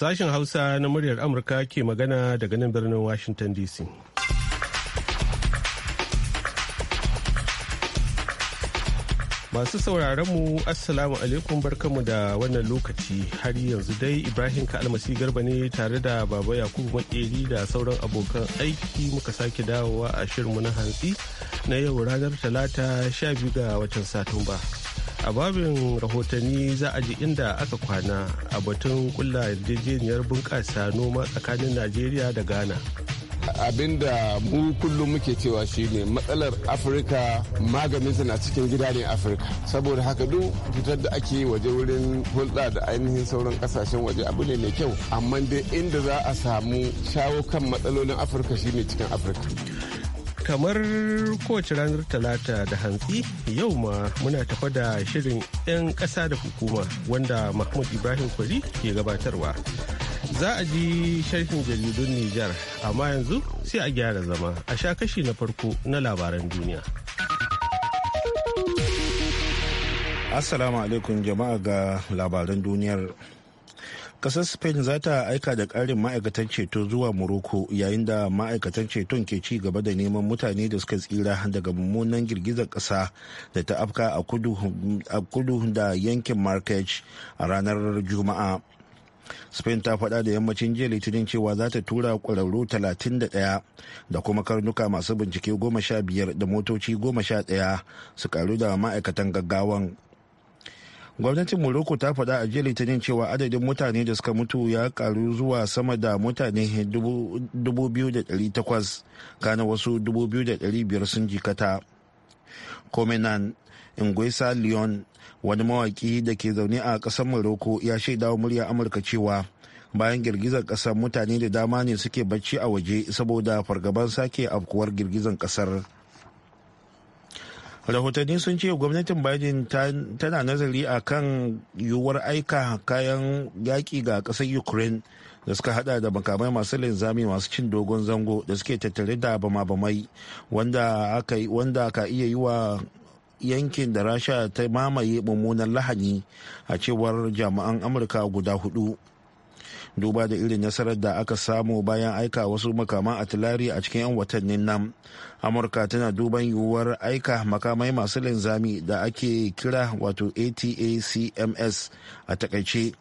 Sashen Hausa na muryar Amurka ke magana daga nan birnin Washington DC. Masu mu Assalamu alaikum barkanmu da wannan lokaci har yanzu dai Ibrahim Kalmasi Garba ne tare da Baba Yakubu Makeri da sauran abokan aiki muka sake dawowa a shirinmu na hantsi na yau ranar Talata 12 ga watan Satumba. a babin rahotanni za a ji inda aka kwana a batun kulla yarjejeniyar bunƙasa noma tsakanin najeriya da ghana abinda mu kullum muke cewa shine matsalar afirka maganinsa na cikin gida ne afirka saboda haka duk fitar da ake waje wurin hulɗa da ainihin sauran kasashen waje abu ne mai kyau amma dai inda za a samu shawo kan matsalolin afirka shine cikin afirka kamar kowace ranar talata da hantsi yau ma muna tafa da shirin 'yan ƙasa da hukuma wanda mahmud ibrahim kwari ke gabatarwa za a ji sharhin jaridun nijar amma yanzu sai a gyara zama a sha kashi na farko na labaran duniya assalamu alaikum jama'a ga labaran duniyar kasar spain za ta aika da karin ma'aikatan ceto zuwa morocco yayin da ma'aikatan ceton ke ci gaba da neman mutane da suka tsira daga mummunan girgizar kasa da ta afka a kudu da yankin marrakech a ranar juma'a spain ta faɗa da yammacin jiya litinin cewa za ta tura kwararru 31 da kuma karnuka masu bincike 15 da motoci 11 su karu da ma'aikatan gaggawan gwamnatin morocco ta faɗa a jiya litinin cewa adadin mutane da suka mutu ya karu zuwa sama da mutane 2,800 kana wasu 2,500 sun jikata komenan ingwesa leon wani mawaki da ke zaune a ƙasar morocco ya shaida wa murya amurka cewa bayan girgizar ƙasar mutane da dama ne suke bacci a waje saboda fargaban sake afkuwar girgizar ƙasar rahotanni sun ce gwamnatin biden tana nazari a kan yiwuwar aika kayan yaƙi ga ƙasar ukraine da suka hada da makamai masu linzami masu cin dogon zango da suke tattare da bama-bamai wanda ka iya yi wa yankin da rasha ta mamaye mummunan lahani a cewar jami'an amurka guda hudu duba da irin nasarar da aka samu bayan aika wasu makaman atilari a cikin 'yan watannin nan amurka tana duban yiwuwar aika makamai masu linzami da ake kira wato atacms a takaice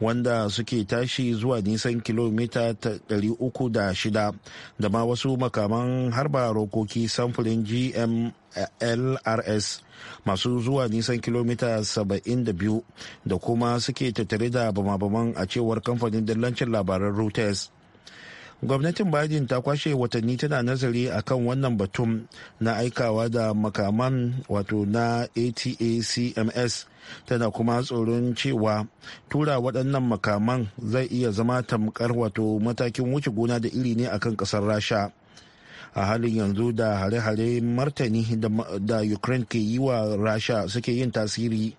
wanda suke tashi zuwa nisan kilomita 306 da ma wasu makaman harba rokoki samfurin gm lrs masu zuwa nisan kilomita 72 da kuma suke tattare da bama-baman a cewar kamfanin dillancin labaran reuters gwamnatin biden ta kwashe watanni tana nazari a kan wannan batun na aikawa da makaman wato na atacms tana kuma tsoron cewa tura waɗannan makaman zai iya zama tamkar wato matakin wuce gona da iri ne akan ƙasar rasha a halin yanzu da hare-hare martani da ukraine ke yi wa rasha suke yin tasiri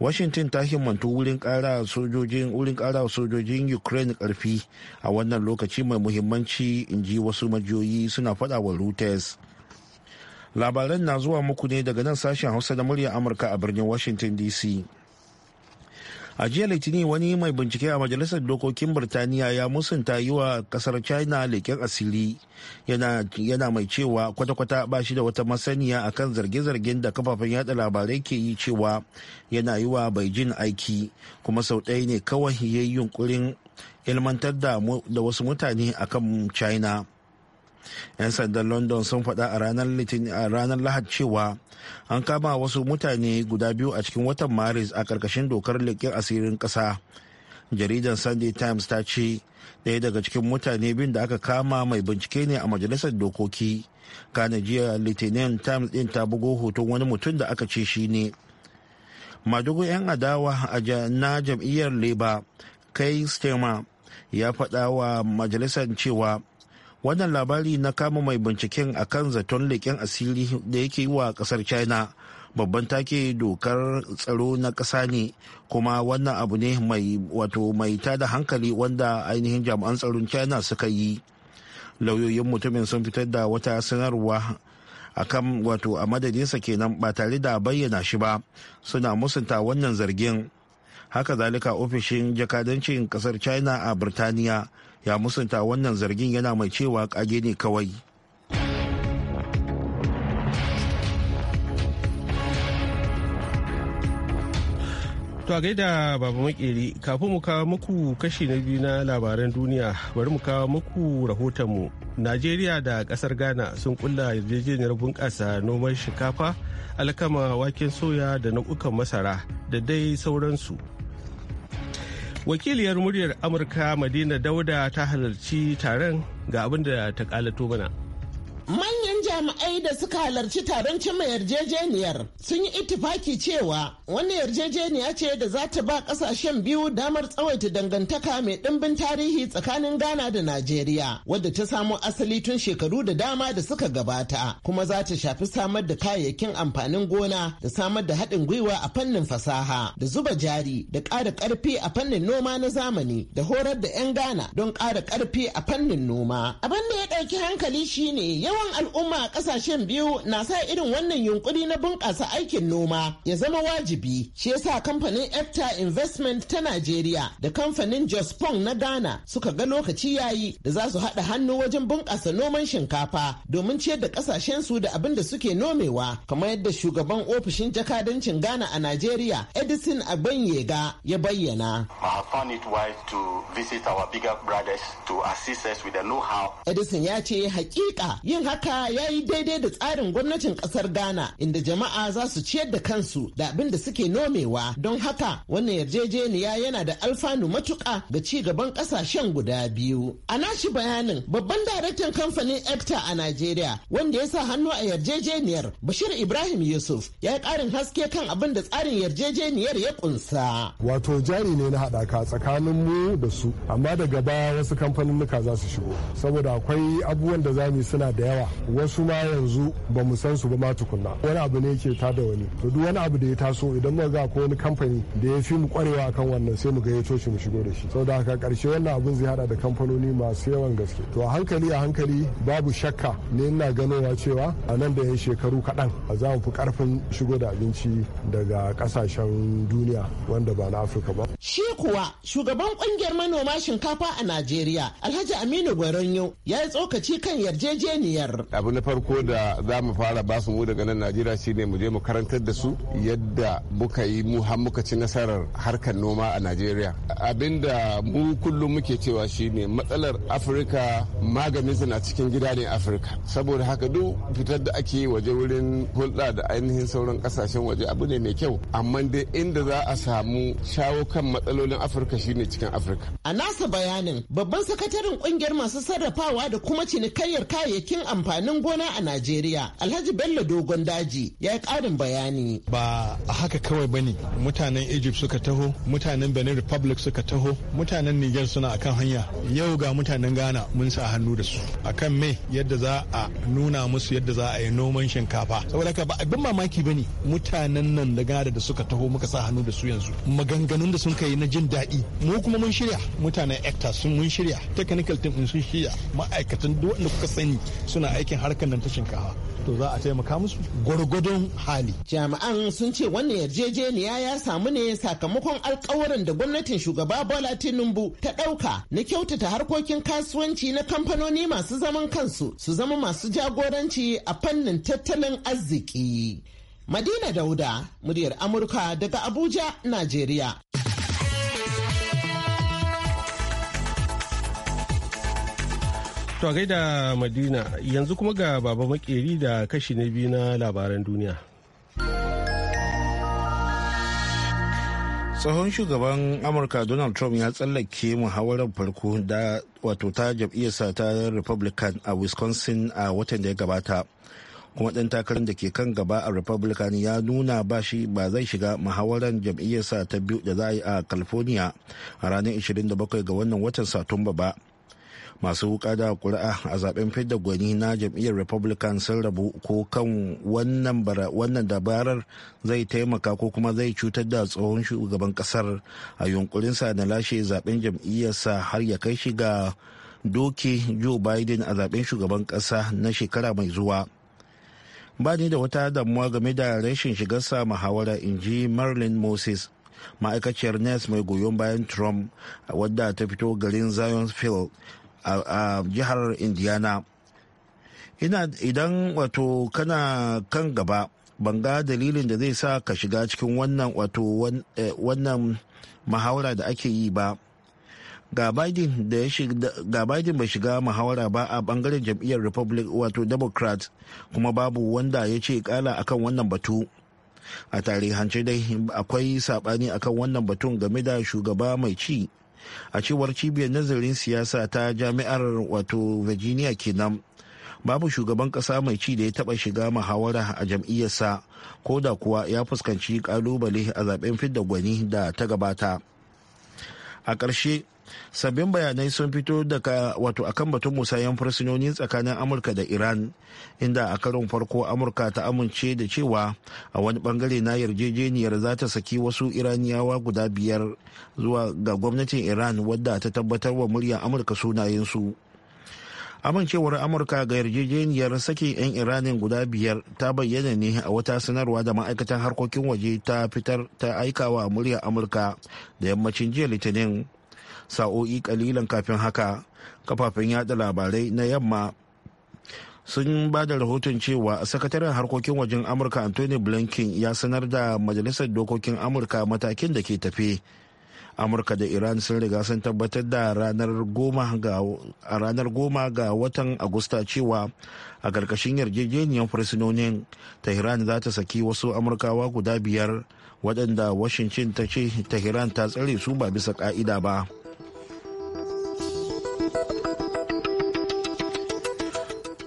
washington ta himmantu wurin kara sojojin wurin kara sojojin ukraine karfi a wannan lokaci mai muhimmanci in ji wasu majiyoyi suna fada wa reuters labaran na zuwa muku ne daga nan sashen hausa da murya amurka a birnin washington dc a jiya litinin wani mai bincike a majalisar dokokin birtaniya ya musunta yi wa kasar china leken asiri yana, mai cewa kwata-kwata ba shi da wata masaniya akan zarge-zargen da kafafen yada labarai ke yi cewa yana yi wa beijing aiki kuma sau ɗaya ne kawai ya yi yunkurin ilmantar da wasu mutane akan china 'yan sandan london sun faɗa a ranar lahad cewa an kama wasu mutane guda biyu a cikin watan maris a ƙarƙashin dokar leƙen asirin ƙasa jaridar sunday times ta ce ɗaya daga cikin mutane bin da aka kama mai bincike ne a majalisar dokoki kana jiya litinin times ɗin ta bugo hoton wani mutum da aka ce shi ne madugu 'yan adawa a na jam'iyyar leba kai stema ya faɗa wa majalisar cewa wannan labari na kama mai binciken akan zaton leƙen asiri da yake yi wa ƙasar china babban take dokar tsaro na ƙasa ne kuma wannan abu ne mai wato mai tada hankali wanda ainihin jami'an tsaron china suka yi lauyoyin mutumin sun fitar da wata sanarwa akan wato a madadinsa kenan ba tare da bayyana shi ba suna musunta wannan zargin haka zalika ofishin jakadancin ƙasar china a birtaniya ya musanta wannan zargin yana mai cewa kage ne kawai To a gaida baba makeri kafin mu kawo muku kashi na biyu na labaran duniya bari mu kawo muku mu Najeriya da kasar Ghana sun kulla yarjejeniyar bunƙasa noman shinkafa, alkama, waken soya da nau'ukan masara da dai sauransu wakiliyar muryar amurka madina dauda ta halarci taron ga abin da ta kalato mana jami'ai da suka halarci taron cimma yarjejeniyar sun yi ittifaki cewa wani yarjejeniya ce da za ta ba kasashen biyu damar tsawaita dangantaka mai ɗimbin tarihi tsakanin ghana da najeriya wadda ta samo asali tun shekaru da dama da suka gabata kuma za ta shafi samar da kayayyakin amfanin gona da samar da haɗin gwiwa a fannin fasaha da zuba jari da ƙara ƙarfi a fannin noma na zamani da horar da 'yan ghana don ƙara ƙarfi a fannin noma abin da ya ɗauki hankali shine yawan al'umma a kasashen biyu na sa irin wannan yunkuri na bunƙasa aikin noma ya zama wajibi shi yasa kamfanin efta investment ta najeriya da kamfanin jospong na ghana suka ga lokaci yayi da za su haɗa hannu wajen bunƙasa noman shinkafa domin ciyar da kasashen su da abin da suke nomewa kamar yadda shugaban ofishin jakadancin ghana a najeriya edison agbanyega ya bayyana edison ya ce hakika yin haka ya yi daidai da tsarin gwamnatin kasar ghana inda jama'a za su ciyar da kansu da abin da suke nomewa don haka wannan yarjejeniya yana da alfanu matuƙa ga ci gaban ƙasashen guda biyu a nashi bayanin babban daraktan kamfanin ekta a najeriya wanda ya sa hannu a yarjejeniyar bashir ibrahim yusuf ya yi ƙarin haske kan abin da tsarin yarjejeniyar ya kunsa wato jari ne na haɗaka tsakanin mu da su amma daga baya wasu kamfanin za su shigo saboda akwai abubuwan da zamu suna da yawa wasu ma yanzu ba mu san su ba ma tukunna wani abu ne yake da wani to duk wani abu da ya taso idan muka ga ko wani kamfani da ya fi mu kwarewa kan wannan sai mu ga ya toshe mu shigo da shi saboda haka karshe wannan abun zai hada da kamfanoni masu yawan gaske to a hankali a hankali babu shakka ne ina ganowa cewa a nan da yan shekaru kaɗan a za mu fi karfin shigo da abinci daga kasashen duniya wanda ba na afirka ba shi kuwa shugaban kungiyar manoma shinkafa a najeriya alhaji aminu gwaronyo ya yi tsokaci kan yarjejeniyar abu na farko da za mu fara ba su mu daga nan najeriya shine mu je mu karantar da su yadda muka yi mu har muka ci nasarar harkar noma a najeriya abinda mu kullum muke cewa shine matsalar afirka maganinsa na cikin gida ne afirka saboda haka duk fitar da ake waje wurin hulɗa da ainihin sauran kasashen waje abu ne mai kyau amma dai inda za a samu shawo kan matsalolin afirka shine cikin afirka a nasa bayanin babban sakataren kungiyar masu sarrafawa da kuma cinikayyar kayayyakin amfanin gona gona a Najeriya Alhaji Bello Dogon Daji ya yi karin bayani. Ba a haka kawai bane mutanen Egypt suka taho, mutanen Benin Republic suka taho, mutanen Niger suna akan hanya. Yau ga mutanen Ghana mun sa hannu da su. Akan me yadda za a nuna musu yadda za a yi noman shinkafa. Saboda haka ba abin mamaki bane mutanen nan da Ghana da suka taho muka sa hannu da su yanzu. Maganganun da sun kai na jin daɗi. Mu kuma mun shirya mutanen Ecta sun mun shirya technical team sun shirya ma'aikatan duk wanda kuka sani suna aikin harkar wannan ta shinkafa to za a taimaka musu gwargwadon hali jami'an sun ce wannan yarjejeniya ya samu ne sakamakon alkawarin da gwamnatin shugaba bola tinubu ta ɗauka na kyautata harkokin kasuwanci na kamfanoni masu zaman kansu su zama masu jagoranci a fannin tattalin arziki madina dauda muryar amurka daga abuja najeriya To gaida Madina yanzu kuma ga baba makeri da kashi na biyu na labaran duniya. Tsohon shugaban Amurka Donald Trump ya tsallake muhawarar farko da wato ta jam'iyyarsa ta Republican a Wisconsin a watan da ya gabata. kuma ɗan takarar da ke kan gaba a republican ya nuna ba shi ba zai shiga muhawarar jam'iyyarsa ta biyu da za a yi a california a ranar 27 ga wannan watan satumba ba masu wuka da kuri'a a zaben fidda gwani na jam'iyyar republican sun rabu ko kan wannan dabarar zai taimaka ko kuma zai cutar da tsohon shugaban kasar a yunkurinsa na lashe zaben jam'iyyarsa har ya kai shi ga doki joe biden a zaben shugaban kasa na shekara mai zuwa ba ni da wata damuwa game da rashin shigarsa muhawara in ji marilyn moses ma'aikaciyar nes mai goyon bayan trump wadda ta fito garin zion field a jihar indiana idan wato kana kan gaba ban ga dalilin da zai sa ka shiga cikin wannan wato eh, wannan mahaura da ake yi ba ga Biden bai shiga muhawara ba a bangaren jam'iyyar Republic wato Democrat kuma babu wanda ya ce kala akan wannan batu a tarihance dai akwai sabani akan wannan batun game da shugaba mai ci a cewar cibiyar nazarin siyasa ta jami'ar wato virginia kenan babu shugaban kasa mai ci da ya taba shiga muhawara a jam'iyyarsa ko da kuwa ya fuskanci kalubale a zaben fidda gwani da ta gabata a ƙarshe sabbin bayanai sun fito daga wato akan batun musayen fursunoni tsakanin amurka da iran inda a karon farko amurka ta amince da cewa a wani bangare na yarjejeniyar za ta saki wasu iraniyawa guda biyar zuwa ga gwamnatin iran wadda ta tabbatar wa muryar amurka sunayensu amincewar amurka ga yarjejeniyar sakin 'yan iranin guda biyar ta bayyana ne a wata sanarwa da ma'aikatan harkokin waje ta fitar ta aikawa muryar amurka da yammacin jiya litinin sa'o'i kalilan kafin haka kafafen yada labarai na yamma sun ba da rahoton cewa sakataren harkokin wajen amurka anthony blinken ya sanar da majalisar dokokin amurka matakin da ke tafe amurka da iran sun riga sun tabbatar da ranar goma ga watan agusta cewa a ƙarƙashin yarjejeniyar fursunonin tehran za ta saki wasu amurkawa guda biyar waɗanda washington ta ce tehran ta tsare su ba bisa ƙa'ida ba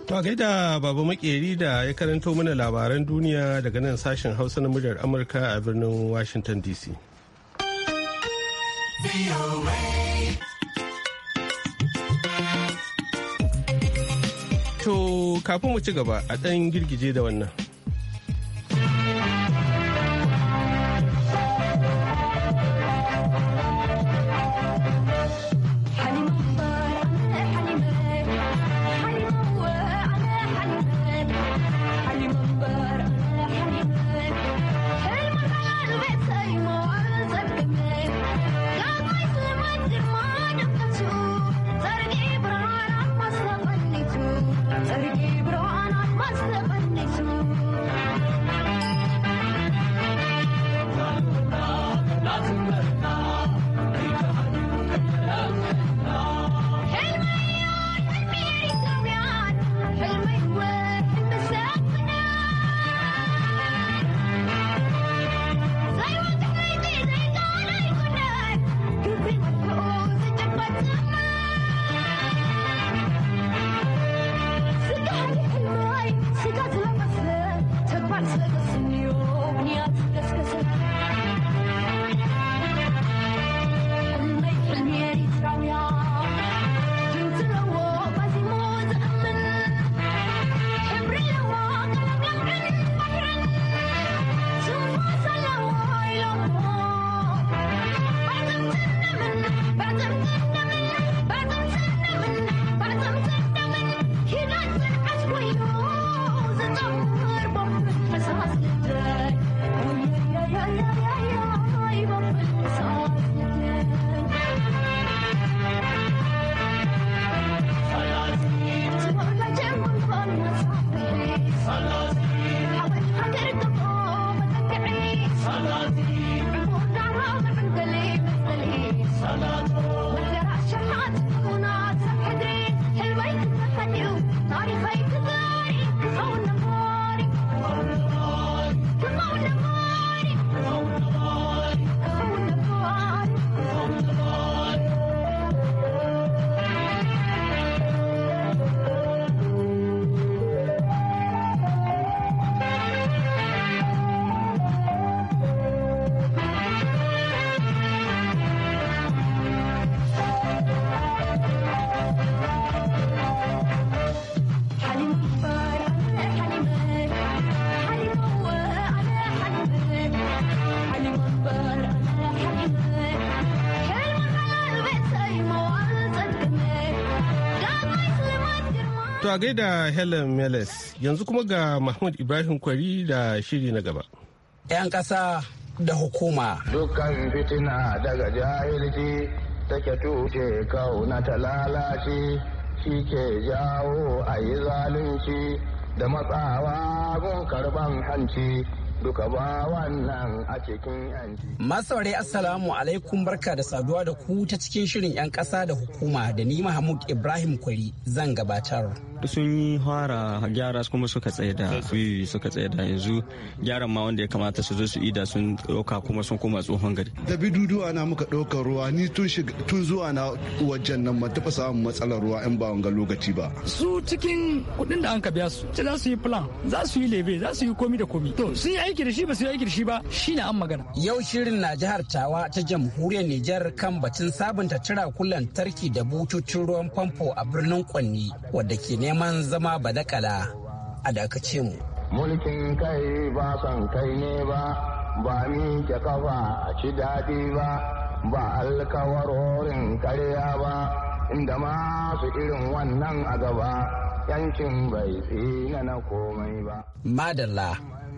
To a gaida Baba Makeri da ya karanto mana labaran duniya daga nan sashen Hausa na muryar Amurka a birnin Washington DC. To kafin mu ci gaba a ɗan girgije da wannan. To a gaida Helen Meles yanzu kuma ga Mahmud Ibrahim Kwari da shiri na gaba. 'Yan ƙasa da hukuma. Dukkan fitina daga jahilci take tuce kauna ta lalace shi ke jawo a yi zalunci da matsawa gun karban hanci. duka ba wannan a cikin yanci. Masaure Assalamu alaikum barka da saduwa da ku ta cikin shirin 'yan ƙasa da hukuma da ni Mahmud Ibrahim Kwari zan gabatar. Sun yi fara gyara kuma suka tsaida da suka da yanzu gyaran ma wanda ya kamata su zo su ida sun ɗauka kuma sun koma tsohon gari. Da bidudu ana muka ɗaukar ruwa ni tun zuwa na wajen nan ma tafasa samun matsalar ruwa in ba wanga lokaci ba. Su cikin kuɗin da an ka biya su za su yi plan za su yi lebe za su yi komi da komi. To sun yi aiki da shi ba su yi aiki da shi ba shi na an magana. Yau shirin na jihar Tawa ta jamhuriyar Nijar kan batun sabunta kulan lantarki da bututun ruwan famfo a birnin Kwanni wadda ke neman zama badakala a dakace mu. Mulkin kai ba san kai ne ba, ba ni ke kafa a ci daɗi ba, ba alkawarorin karya ba, inda masu irin wannan a gaba. Yankin bai tsina na komai ba. Madalla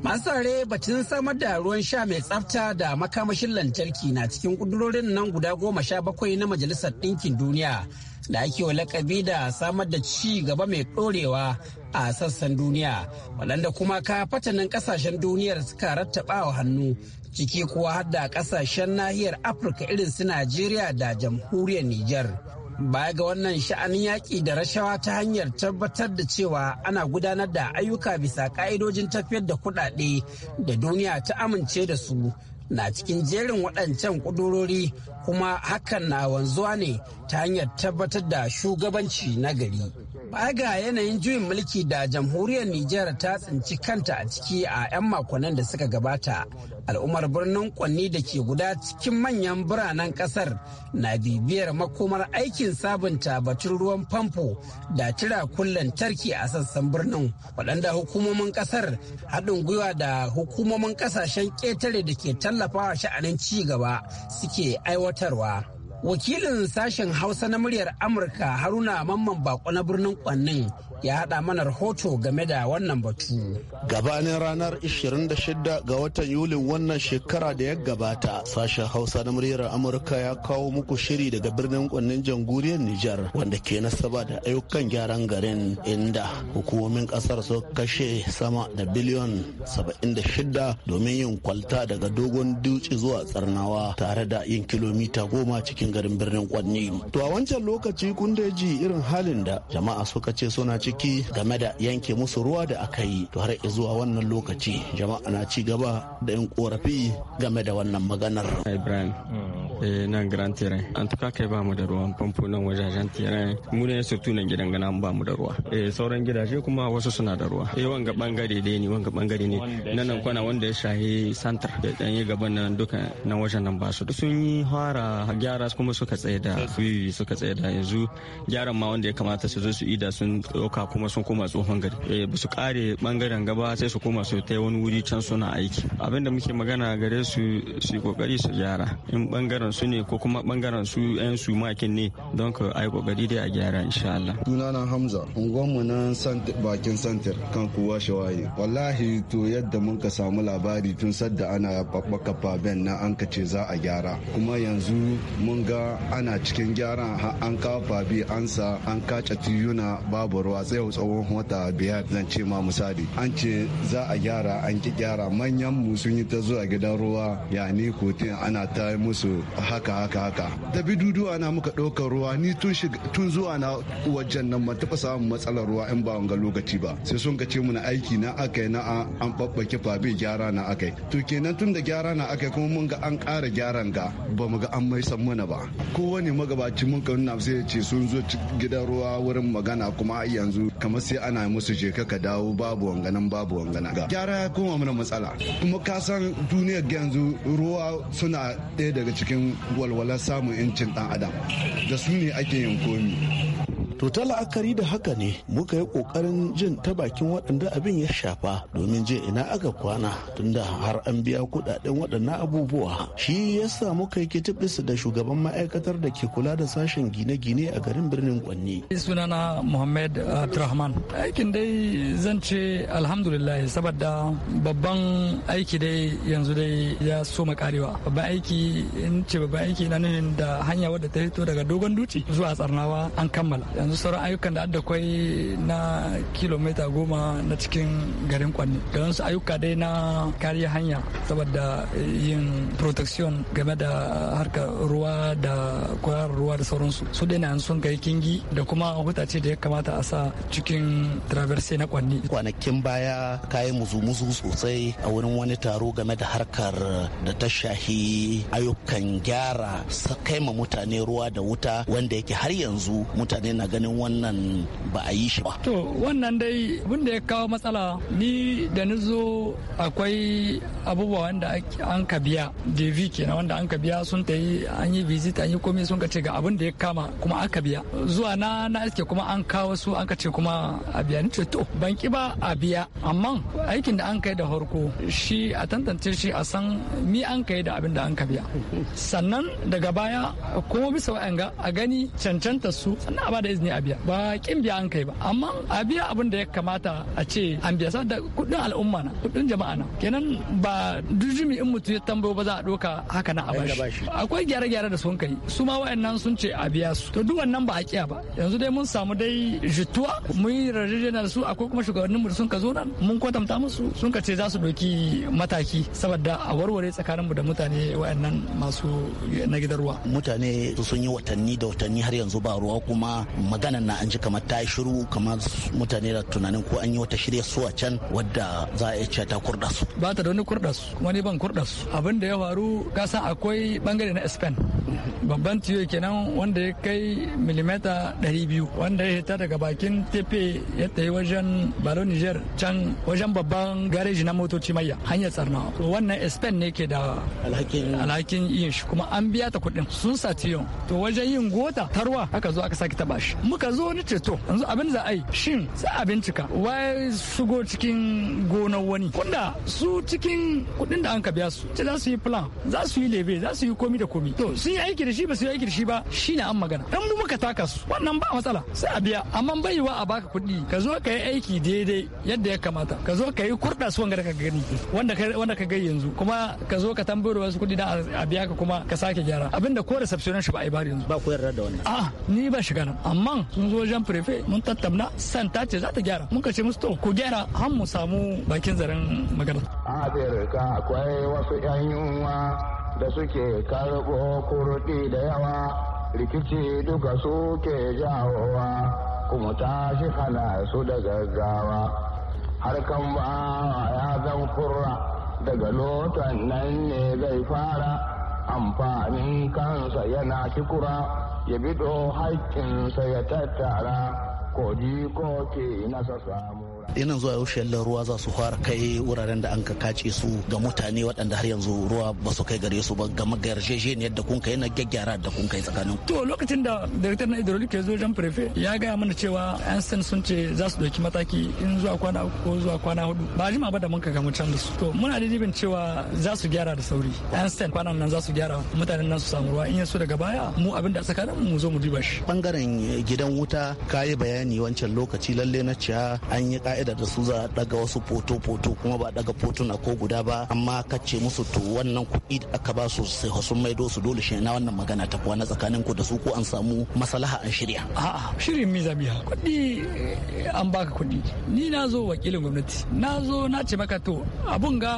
Masu batun samar da ruwan sha mai tsafta da makamashin lantarki na cikin kudurorin nan guda goma sha bakwai na Majalisar Ɗinkin Duniya da ake wa lakabi da samar da ci gaba mai ɗorewa a sassan duniya waɗanda kuma ka fatanin ƙasashen duniyar suka rattaba wa hannu ciki kuwa har da ƙasashen nahiyar afirka irin su najeriya da jamhuriyar nijar Baya ga wannan sha'anin yaƙi da rashawa ta hanyar tabbatar da cewa ana gudanar da ayyuka bisa ƙa'idojin tafiyar da kuɗaɗe da duniya ta amince da su na cikin jerin waɗancan ƙudurori kuma hakan na wanzuwa ne ta hanyar tabbatar da shugabanci na gari. Baya ga yanayin juyin mulki da jamhuriyar Nijar ta tsinci kanta a ciki a 'yan makonnin da suka gabata, al'ummar birnin kwanni da ke guda cikin manyan biranen kasar na bibiyar makomar aikin sabunta batun ruwan famfo da tira kullen tarki a sassan birnin waɗanda hukumomin kasar haɗin gwiwa da hukumomin ƙasashen ƙetare da ke tallafawa sha'anin ci gaba suke aiwatarwa. wakilin sashen hausa na muryar amurka haruna mamman bako na birnin kwannin ya haɗa mana rahoto game da wannan batu. Gabanin ranar 26 ga watan Yulin wannan shekara da ya gabata, sashen Hausa na muryar Amurka ya kawo muku shiri daga birnin kwanin jamhuriyar Nijar wanda ke nasaba da ayyukan gyaran garin inda hukumomin kasar su kashe sama da biliyon 76 domin yin kwalta daga dogon dutse zuwa tsarnawa tare da yin kilomita goma cikin garin birnin kwanni. To a wancan lokaci kun irin halin da jama'a suka ce suna ci ciki game da yanke musu ruwa da aka yi to har zuwa wannan lokaci jama'a na ci gaba da yin korafi game da wannan maganar eh, ibrahim mm. eh, nan grand terrain an tuka kai ba mu da ruwa famfo nan wajajen terrain mu ne su tunan gidan gana ba mu da ruwa eh, sauran gidaje kuma wasu suna da ruwa eh wanga bangare dai ne wanga bangare ne nan nan kwana wanda ya shahi santar da dan yi gaban nan duka nan wajen nan ba su sun yi fara gyara kuma suka tsaye da suka tsaye da yanzu gyaran ma wanda ya kamata su zo su ida sun ɗauka ɗauka kuma sun koma tsohon gari eh, ba su kare bangaren gaba sai su koma su ta wani wuri can suna aiki abin da muke magana gare su su kokari su gyara in bangaren su ne ko kuma bangaren su yan su makin ne don ka ai kokari dai a gyara insha Allah sunana Hamza nan na bakin santir kan kuwa shawaye wallahi to yadda mun ka samu labari tun sadda ana babbaka faben na an kace za a gyara kuma yanzu mun ga ana cikin gyaran an kawo fabi an sa an kace tiyuna babu ruwa matsa tsawon wata biyar zan ce ma misali an ce za a gyara an ki gyara manyan mu sun yi ta zuwa gidan ruwa ya ni kotun ana ta musu haka haka haka da bidudu ana muka ɗaukar ruwa ni tun tun zuwa na wajen nan ban taɓa samun matsalar ruwa in ba ga lokaci ba sai sun ka ce muna aiki na aka na an babbaƙe fabi gyara na aka to kenan tun da gyara na aka kuma mun ga an ƙara gyaran ga ba mu ga an mai san mana ba kowane magabaci mun ka nuna sai ce sun zo gidan ruwa wurin magana kuma yanzu yanzu kamar sai ana musu je ka dawo babu wanganan babu wangana ga gyara ya koma mana matsala kuma ka san duniyar yanzu ruwa suna ɗaya daga cikin walwalar samun 'yancin dan adam da su ne ake yin komi To ta la'akari da haka ne muka yi kokarin jin ta bakin waɗanda abin ya shafa domin je ina aka kwana tunda har an biya kuɗaɗen waɗannan abubuwa. Shi yasa muka yi kitibis da shugaban ma'aikatar da ke kula da sashen gine-gine a garin birnin Kwanni. Sunana Muhammad Abdulrahman. Aikin dai zan ce alhamdulillah saboda babban aiki dai yanzu dai ya soma karewa. Babban aiki in ce babban aiki na nan da hanya wadda ta fito daga dogon duci zuwa tsarnawa an kammala. yanzu sauran ayyukan da adda kwai na kilomita goma na cikin garin kwanne da wasu ayyuka dai na kariya hanya saboda eh, yin protection game da harkar ruwa da kwararar ruwa da sauransu su dai na sun kai kingi da kuma hutace da ya kamata a sa cikin traverse na kwanne kwanakin baya kayan muzu-muzu sosai a wurin wani taro game da harkar da ta shahi ayyukan gyara kai ma mutane ruwa da wuta wanda yake har yanzu mutane na ganin wannan ba a yi shi ba to wannan dai abin ya kawo matsala ni da ni zo akwai abubuwa wanda an ka biya devi kenan wanda an ka biya sun ta yi an yi visit an yi komai sun ka ce ga abin da ya kama kuma an ka biya zuwa na na iske kuma an kawo su an ka ce kuma a biya ni ce to ban ki ba a biya amma aikin da an kai da farko shi a tantance shi a san mi an kai da abin da an ka biya sannan daga baya kuma bisa wa'anga a gani cancanta su sannan a ba da izini ne a biya ba kin biya an kai ba amma a biya abin da ya kamata a ce an biya da kudin al'umma na kudin jama'a na kenan ba dujumi in mutum ya tambayo ba za a doka haka na a akwai gyare-gyare da sun kai su ma wayannan sun ce a biya su to duk wannan ba a kiya ba yanzu dai mun samu dai jituwa mun yi rarrajena da su akwai kuma shugabannin mu sun ka zo nan mun kwatanta musu sun ka ce za su doki mataki saboda a warware tsakanin mu da mutane wayannan masu na gidan ruwa mutane sun yi watanni da watanni har yanzu ba ruwa kuma maganan na an ji kamar ta yi shiru kamar mutane da tunanin ko an yi wata shirya su a can wadda za a iya ta kurda su. Ba ta da wani kurɗa su kuma ni ban kurda su abin da ya faru ka san akwai bangare na Spain babban tiyo kenan wanda ya kai milimeta biyu. wanda ya hita daga bakin tefe ya tafi wajen Balo Niger can wajen babban gareji na motoci maya hanyar tsarna wannan Spain ne ke da alhakin yin shi kuma an biya ta kuɗin sun sa tiyo to wajen yin gota tarwa aka zo aka sake ta shi muka zo ni ce to yanzu abin za a yi shin sai a bincika wai shigo cikin gonar wani kunda su cikin kuɗin da an ka biya su ce za su yi plan za su yi lebe za su yi komi da komi to sun yi aiki da shi ba su yi aiki da shi ba shi ne an magana dan mu muka taka su wannan ba matsala sai a biya amma baiwa a baka kuɗi ka zo ka yi aiki daidai yadda ya kamata ka zo ka yi kurɗa su wanda da ka gani wanda ka wanda ka gani yanzu kuma ka zo ka tambayar wasu kuɗi da a biya ka kuma ka sake gyara abinda ko shi ba a yi ba yanzu ba ku yarda da wani a ni ba shiga nan amma amma sun zo jan prefe mun tattauna san ta ce za ta gyara mun ce musu to ku gyara har mu samu bakin zaren magana. ka akwai wasu 'yan yunwa da suke karɓo kurɗi da yawa rikici duka suke jawowa kuma ta shi hana su da gaggawa harkan ba ya zan kurra daga lotan nan ne zai fara amfanin kansa yana kikura. ya bido haƙƙinsa ya tattara ko ji ko ke nasa samu yanan zuwa yau ruwa za su fara kai wuraren da an ka kace su ga mutane waɗanda har yanzu ruwa ba su kai gare su ba game ga da kun kai na gyaggyara da kun kai tsakanin to lokacin da daraktar na hydraulic ya zo jan prefe ya gaya mana cewa an san sun ce za su ɗauki mataki in zuwa kwana uku ko zuwa kwana hudu ba jima ba da mun ka gamu can da su to muna da jibin cewa za su gyara da sauri an san kwanan nan za su gyara mutanen nan su samu ruwa in yaso daga baya mu abin da tsakanin mu zo mu duba shi bangaren gidan wuta kayi bayani wancan lokaci lalle na ciya ah, an yi ka'ida da su za a daga wasu foto-foto kuma ba daga na ko guda ba amma ka ce musu to wannan kuɗi da aka ba su sai sun maido su dole shi na wannan magana ta kuwa na tsakanin ku da su ko an samu maslaha an shirya. A'a shirin mi zabiya kuɗi eh, an baka kuɗi ni na zo wakilin gwamnati na zo na ce maka to abun ga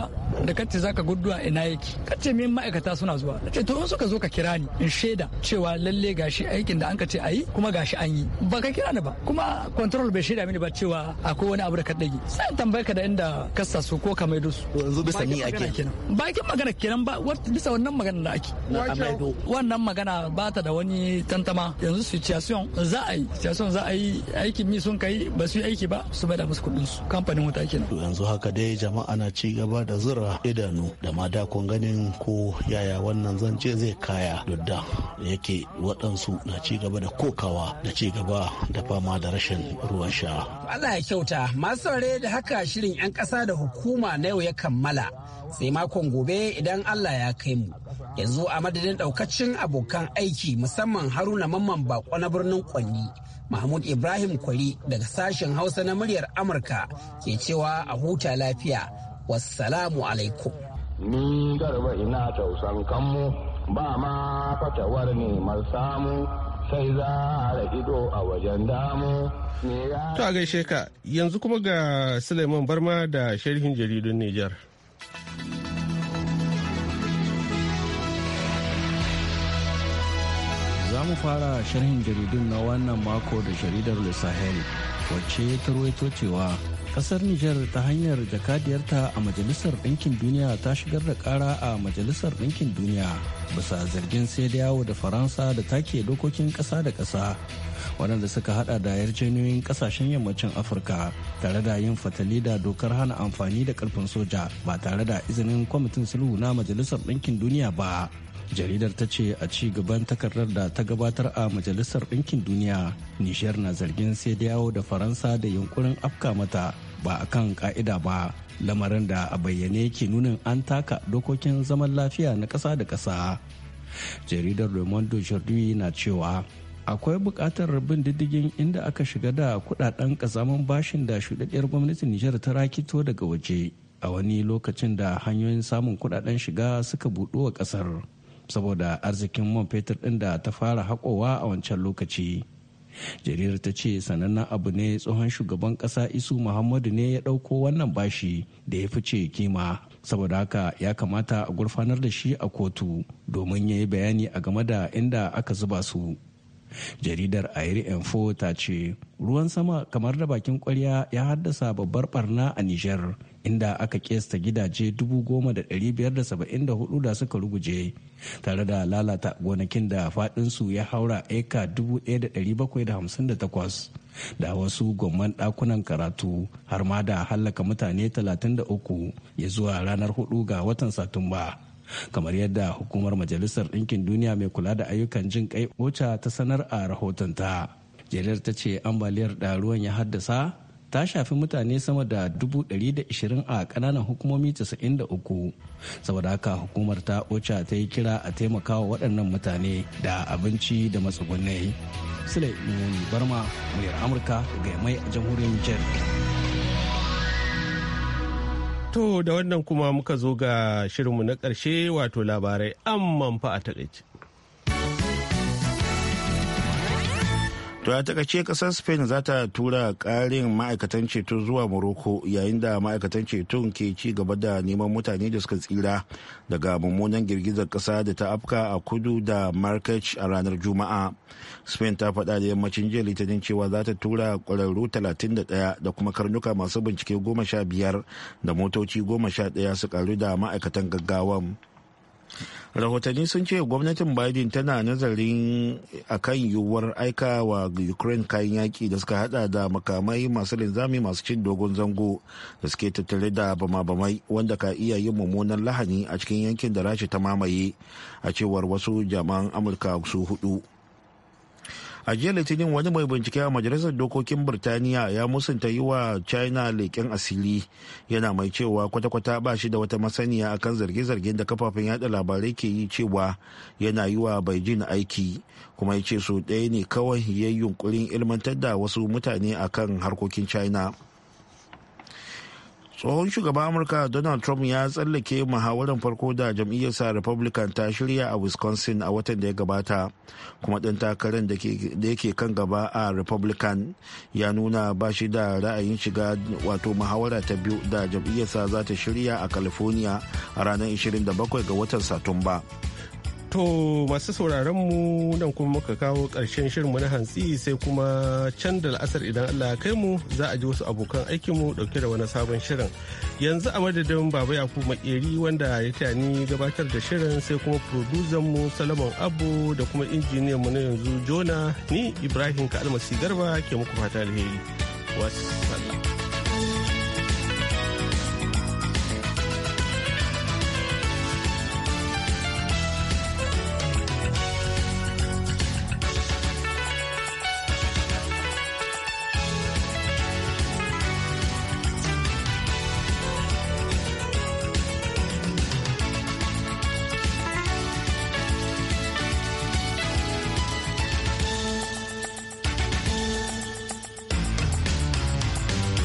da kace zaka guduwa ina yake kace min ma'aikata suna zuwa ce to in suka zo ka kira ni in shaida cewa lalle gashi aikin da an ka ce ayi kuma gashi an yi ba ka kira ni ba kuma control bai shaida mini ba cewa akwai wani afirka ɗagi sai in tambaye ka da inda ka su ko ka maido su yanzu bisa ni ake bakin magana kenan ba bisa wannan magana da ake wannan magana ba ta da wani tantama yanzu situation za a yi situation za a yi aikin mi sun kai ba su yi aiki ba su bada musu kuɗin su kamfanin wuta kenan yanzu haka dai jama'a na ci gaba da zura idanu da ma kun ganin ko yaya wannan zance zai kaya dudda yake waɗansu na ci gaba da kokawa da ci gaba da fama da rashin ruwan sha Allah ya kyauta Masu saurare da haka shirin 'yan ƙasa da hukuma na yau ya kammala sai makon gobe idan Allah ya kai mu. Yanzu a madadin ɗaukacin abokan aiki musamman Haruna Mamman Bako na birnin Kwanni. Mahmud Ibrahim Kwari daga sashen Hausa na muryar Amurka ke cewa a huta lafiya. Wassalamu alaikum. Ni garba ina tausan kanmu ba ma fatawar ne samu sai za a ido a wajen damu. To a gaishe ka yanzu kuma ga Suleiman Barma da sharhin jaridun Nijar. Za mu fara sharhin jaridun na wannan mako da jaridar Lissahel, wacce ta ruwaito cewa kasar nijar ta hanyar jakadiyarta a majalisar ɗinkin duniya ta shigar da ƙara a majalisar ɗinkin duniya bisa zargin sai da yawo da faransa da take dokokin ƙasa da ƙasa waɗanda suka hada da yarjejeniyoyin ƙasashen yammacin afirka tare da yin fatali da dokar hana amfani da ƙarfin soja ba tare da izinin kwamitin sulhu na majalisar ɗinkin duniya ba jaridar ta ce a ci gaban takardar da ta gabatar a majalisar ɗinkin duniya nishiyar na zargin sai da yawo da faransa da yunkurin afka mata ba a kan ka'ida ba lamarin da a bayyane ke nunin an taka dokokin zaman lafiya na ƙasa da ƙasa jaridar le monde na cewa akwai buƙatar bin diddigin inda aka shiga da kudaden kazaman bashin da shuɗaɗɗiyar gwamnatin nijar ta rakito daga waje a wani lokacin da hanyoyin samun kudaden shiga suka buɗuwa wa ƙasar saboda arzikin man fetur ɗin da ta fara haƙowa a wancan lokaci jaridar ta ce sanannen abu ne tsohon shugaban ƙasa isu muhammadu ne ya ɗauko wannan bashi da ya fice kima saboda haka ya kamata a gurfanar da shi a kotu domin ya yi bayani a game da inda aka zuba su jaridar air info ta ce ruwan sama kamar da bakin kwarya ya haddasa babbar barna a niger inda aka kesta gidaje 10,574 da suka ruguje tare da lalata gonakin da faɗinsu ya haura eka 1,758 da wasu gomman ɗakunan karatu har ma da hallaka mutane 33 ya zuwa ranar 4 ga watan satumba. kamar yadda hukumar majalisar ɗinkin duniya mai kula da ayyukan jin kai ocha ta sanar a rahotonta jelar ta ce ambaliyar ɗaruwan ya haddasa ta shafi mutane sama da 120 a kananan hukumomi 93 saboda haka hukumar ta ocha ta yi kira a taimakawa waɗannan mutane da abinci da matsugunai sule muni barma muryar amurka ga mai a jamhuriyar jen. to da wannan kuma muka zo ga shirinmu na ƙarshe wato labarai amman fa a takaice to a takace kasar spain za ta tura karin ma'aikatan ceto zuwa morocco yayin da ma'aikatan ceton ke ci gaba da neman mutane da suka tsira daga mummunan girgizar kasa da ta afka a kudu da marrakech a ranar juma'a spain ta faɗa da yammacin jiya litinin cewa za ta tura kwararru 31 da kuma karnuka masu bincike 15 da motoci 11 su karu da ma'aikatan gaggawan rahotanni sun ce gwamnatin biden tana nazarin akan yiwuwar aika wa ukraine kayan yaki da suka hada da makamai masu linzami masu cin dogon zango da suke tattare da bama-bamai wanda ka iya yin mummunan lahani a cikin yankin da rashi ta mamaye a cewar wasu jami'an amurka su hudu a jiya litinin wani mai bincike a majalisar dokokin birtaniya ya musanta yi wa china leƙen asili yana mai cewa kwata-kwata ba shi da wata masaniya akan zarge-zargen da kafafen yada labarai ke yi cewa yana yi wa beijing aiki kuma ya ce su ɗaya ne kawai ya yunkurin ilmantar da wasu mutane akan harkokin china tsohon shugaban amurka donald trump ya tsallake muhawarar farko da jam'iyyarsa republican ta shirya a wisconsin a watan da ya gabata kuma ɗan takarar da yake kan gaba a republican ya nuna ba shi da ra'ayin shiga wato muhawara ta biyu da jam'iyyarsa za ta shirya a california a ranar 27 ga watan satumba. To masu sauraron mu nan kuma muka kawo ƙarshen shirinmu na hantsi sai kuma can da la'asar idan Allah ya kai mu za a ji wasu abokan aikinmu ɗauke da wani sabon shirin. Yanzu a madadin Baba Yaku Makeri wanda ya taya ni gabatar da shirin sai kuma producer mu Salaman Abu da kuma injiniyan mu na yanzu Jona ni Ibrahim Kalmasi Garba ke muku fata alheri. Wassalam.